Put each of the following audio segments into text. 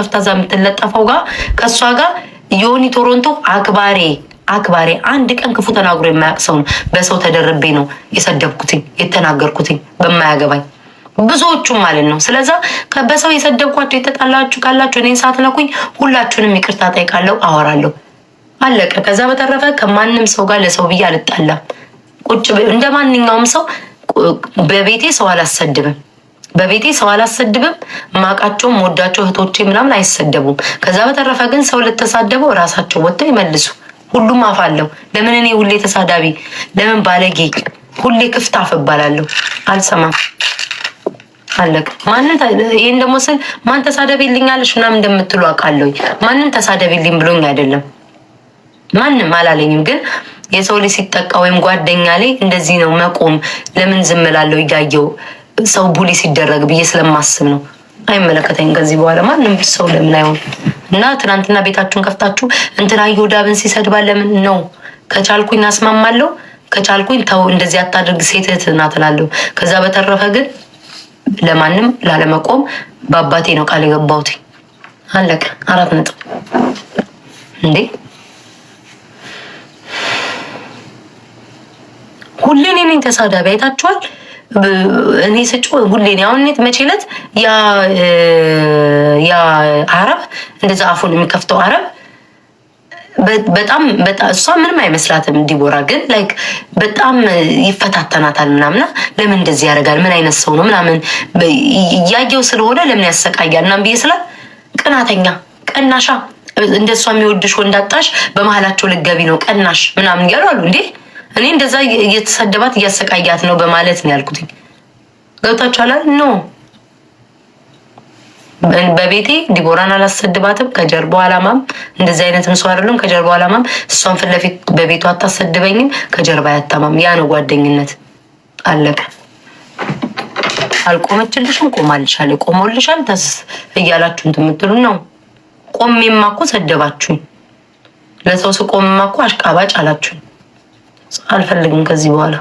ተፍታ የምትለጠፈው ጋር ከእሷ ጋር ዮኒ ቶሮንቶ አክባሬ አክባሬ አንድ ቀን ክፉ ተናግሮ የማያውቅ ሰው ነው። በሰው ተደርቤ ነው የሰደብኩትኝ የተናገርኩትኝ በማያገባኝ ብዙዎቹ ማለት ነው። ስለዛ በሰው የሰደብኳቸው የተጣላችሁ ካላችሁ እኔን ሳትነኩኝ ሁላችሁንም ይቅርታ ጠይቃለሁ፣ አወራለሁ፣ አለቀ። ከዛ በተረፈ ከማንም ሰው ጋር ለሰው ብዬ አልጣላም። ቁጭ እንደ ማንኛውም ሰው በቤቴ ሰው አላሰድብም። በቤቴ ሰው አላሰድብም። ማቃቸውም ወዳቸው እህቶቼ ምናምን አይሰደቡም። ከዛ በተረፈ ግን ሰው ለተሳደበው ራሳቸው ወጥተው ይመልሱ። ሁሉም አፋለሁ። ለምን እኔ ሁሌ ተሳዳቢ? ለምን ባለጌ? ሁሌ ክፍት አፍ እባላለሁ። አልሰማም። አለቅ ማንን ይህን ደግሞ ስል ማን ተሳደቢልኝ አለሽ ምናምን እንደምትሉ አውቃለሁኝ። ማንም ተሳደቢልኝ ብሎኝ አይደለም። ማንም አላለኝም ግን የሰው ልጅ ሲጠቃ ወይም ጓደኛ ላይ እንደዚህ ነው መቆም ለምን ዝም እላለሁ እያየው ሰው ቡሊ ሲደረግ ብዬ ስለማስብ ነው። አይመለከተኝም ከዚህ በኋላ ማንም ሰው ለምን አይሆን እና ትናንትና ቤታችሁን ከፍታችሁ እንትና ዮዳብን ሲሰድባል ለምን ነው? ከቻልኩኝ አስማማለሁ፣ ከቻልኩኝ ተው እንደዚህ አታድርግ ሴት እህት ከዛ በተረፈ ግን ለማንም ላለመቆም በአባቴ ነው ቃል የገባሁት። አለቀ። አራት ነጥብ እንዴ ሁሌ እኔ ነኝ ተሳዳቢ አይታችኋል። እኔ ስጮ ሁሌ ነው። አሁን እኔት መቼ ዕለት ያ አረብ እንደዛ አፉን የሚከፍተው አረብ በጣም እሷ ምንም አይመስላትም። ዲቦራ ግን ላይክ በጣም ይፈታተናታል ምናምና ለምን እንደዚህ ያደርጋል? ምን አይነት ሰው ነው ምናምን እያየው ስለሆነ ለምን ያሰቃያል? እናም ብዬ ስላት ቅናተኛ ቀናሻ፣ እንደሷ የሚወድሽ ወንዳጣሽ በመሀላቸው ልገቢ ነው ቀናሽ ምናምን እያሉ አሉ እንዴ እኔ እንደዛ እየተሰደባት እያሰቃያት ነው በማለት ነው ያልኩትኝ። ገብታችኋል? ኖ በቤቴ ዲቦራን አላሰድባትም። ከጀርባው አላማም እንደዚህ አይነትም ሰው አይደለም። ከጀርባው አላማም እሷን ፊት ለፊት በቤቱ አታሰድበኝም፣ ከጀርባ አያታማም። ያ ነው ጓደኝነት። አለቀ። አልቆመችልሽም፣ ቆማልሻል፣ ቆመልሻል ተስ እያላችሁ እንትን የምትሉ ነው። ቆሜማ እኮ ሰደባችሁኝ። ለሰው ስቆምማ እኮ አሽቃባጭ አላችሁኝ። አልፈልግም ከዚህ በኋላ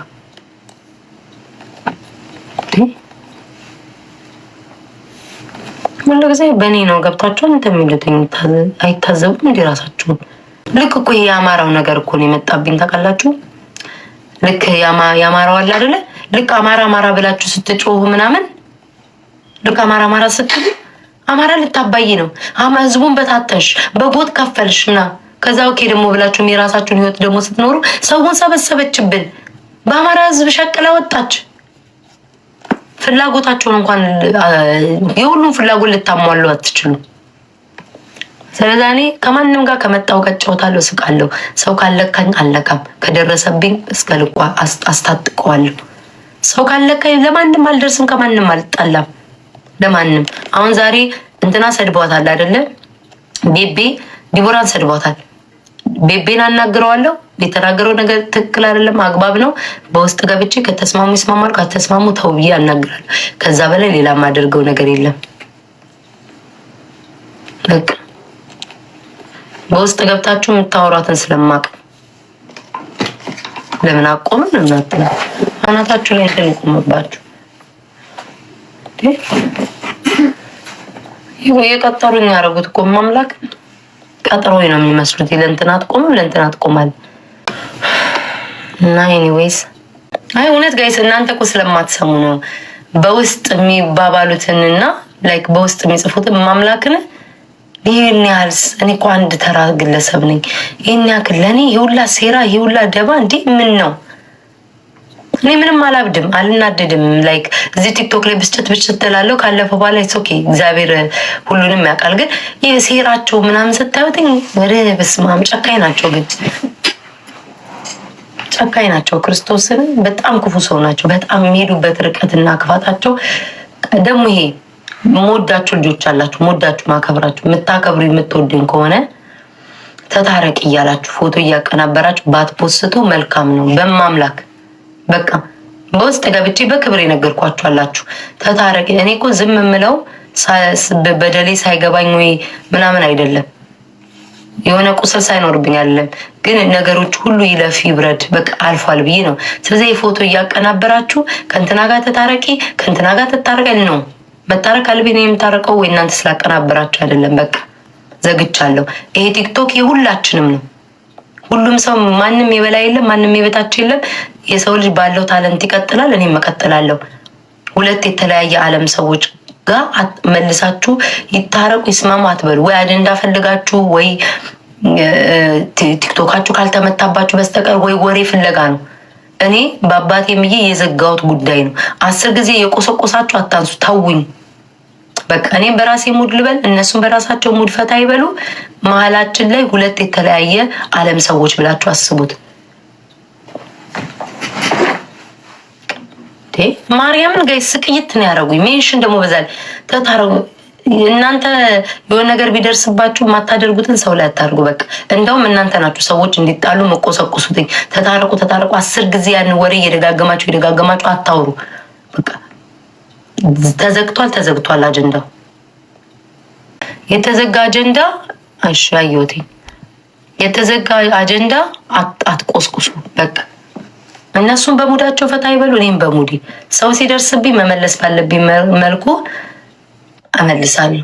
ሁሉ ጊዜ በእኔ ነው ገብታችሁን እንደሚሉትኝ አይታዘቡም እንዲ ራሳችሁን ልክ እኮ ይሄ የአማራው ነገር እኮ ነው የመጣብኝ ታውቃላችሁ ልክ የአማራው አለ አይደለ ልክ አማራ አማራ ብላችሁ ስትጮሁ ምናምን ልክ አማራ አማራ ስትሉ አማራ ልታባይ ነው ህዝቡን በታተሽ በጎጥ ከፈልሽ ምናምን ከዛ ኦኬ ደግሞ ብላችሁም የራሳችሁን ህይወት ደግሞ ስትኖሩ ሰውን ሰበሰበችብን። በአማራ ህዝብ ሸቅላ ወጣች። ፍላጎታቸውን እንኳን የሁሉም ፍላጎት ልታሟሉ አትችሉም። ስለዛ እኔ ከማንም ጋር ከመጣው ቀጫውታለሁ፣ ስቃለሁ። ሰው ካለካኝ አለካም፣ ከደረሰብኝ እስከ ልኳ አስታጥቀዋለሁ። ሰው ካለካኝ ለማንም አልደርስም፣ ከማንም አልጣላም፣ ለማንም። አሁን ዛሬ እንትና ሰድቧታል አይደለ? ቤቤ ዲቦራን ሰድቧታል። ቤቤን አናግረዋለሁ። የተናገረው ነገር ትክክል አይደለም፣ አግባብ ነው። በውስጥ ገብቼ ከተስማሙ ይስማማል ከተስማሙ ተው ብዬ አናግራለሁ። ከዛ በላይ ሌላ የማደርገው ነገር የለም። በውስጥ ገብታችሁ የምታወሯትን ስለማቅ ለምን አቆምን? እናት አናታችሁ ላይ እንደሚቆምባችሁ የቀጠሩኝ ያደረጉት እኮ ማምላክ ቀጠሮ ነው የሚመስሉት። ለእንትና አትቆምም፣ ለእንትና አትቆማል እና ኤኒዌይስ፣ አይ እውነት ጋይስ እናንተ እኮ ስለማትሰሙ ነው በውስጥ የሚባባሉትን እና ላይክ በውስጥ የሚጽፉትን ማምላክን ይህን ያህል እኔ እኮ አንድ ተራ ግለሰብ ነኝ። ይህን ያክል ለእኔ ይህ ሴራ ይህ ደባ እንዲህ ምን ነው? እኔ ምንም አላብድም፣ አልናደድም። ላይክ እዚህ ቲክቶክ ላይ ብስጭት ብስጭት ትላለሁ። ካለፈ በኋላ ኦኬ፣ እግዚአብሔር ሁሉንም ያውቃል። ግን ሴራቸው ምናምን ስታዩት ወደ በስማም ጨካኝ ናቸው፣ ግን ጨካኝ ናቸው። ክርስቶስን በጣም ክፉ ሰው ናቸው። በጣም የሚሄዱበት ርቀትና ክፋታቸው ደግሞ ይሄ መወዳችሁ ልጆች አላችሁ፣ ሞዳችሁ ማከብራችሁ፣ የምታከብሩ የምትወድን ከሆነ ተታረቅ እያላችሁ ፎቶ እያቀናበራችሁ ባትፖስቱ መልካም ነው በማምላክ በቃ በውስጥ ገብቼ በክብር የነገርኳችሁ አላችሁ ተታረቂ። እኔ እኮ ዝም የምለው በደሌ ሳይገባኝ ወይ ምናምን አይደለም፣ የሆነ ቁስል ሳይኖርብኝ አይደለም። ግን ነገሮች ሁሉ ይለፍ ይብረድ፣ በቃ አልፏል ብዬ ነው። ስለዚህ የፎቶ እያቀናበራችሁ ከእንትና ጋር ተታረቂ፣ ከእንትና ጋር ተታረቀል ነው መታረቅ አልቤ ነው የምታረቀው ወይ እናንተ ስላቀናበራችሁ አይደለም። በቃ ዘግቻለሁ። ይሄ ቲክቶክ የሁላችንም ነው። ሁሉም ሰው ማንም የበላይ የለም፣ ማንም የበታች የለም። የሰው ልጅ ባለው ታለንት ይቀጥላል። እኔም እቀጥላለሁ። ሁለት የተለያየ ዓለም ሰዎች ጋር መልሳችሁ ይታረቁ፣ ይስማሙ አትበሉ። ወይ አጀንዳ ፈልጋችሁ ወይ ቲክቶካችሁ ካልተመታባችሁ በስተቀር ወይ ወሬ ፍለጋ ነው። እኔ በአባቴ ምዬ የዘጋሁት ጉዳይ ነው። አስር ጊዜ የቆሰቆሳችሁ አታንሱ፣ ተውኝ። በቃ እኔም በራሴ ሙድ ልበል፣ እነሱም በራሳቸው ሙድ ፈታ ይበሉ። መሀላችን ላይ ሁለት የተለያየ አለም ሰዎች ብላችሁ አስቡት። ማርያምን ጋይ ስቅይት ነው ያደረጉኝ። ሜንሽን ደግሞ በዛ ተታረጉ። እናንተ የሆነ ነገር ቢደርስባችሁ የማታደርጉትን ሰው ላይ አታድርጉ። በቃ እንደውም እናንተ ናችሁ ሰዎች እንዲጣሉ መቆሰቁሱትኝ። ተታረቁ ተታረቁ፣ አስር ጊዜ ያን ወሬ እየደጋገማችሁ እየደጋገማችሁ አታውሩ በቃ ተዘግቷል ተዘግቷል። አጀንዳው የተዘጋ አጀንዳ እሺ፣ አየሁት። የተዘጋ አጀንዳ አትቆስቁሱ። በቃ እነሱን በሙዳቸው ፈታ ይበሉ፣ እኔም በሙዲ ሰው ሲደርስብኝ መመለስ ባለብኝ መልኩ እመልሳለሁ።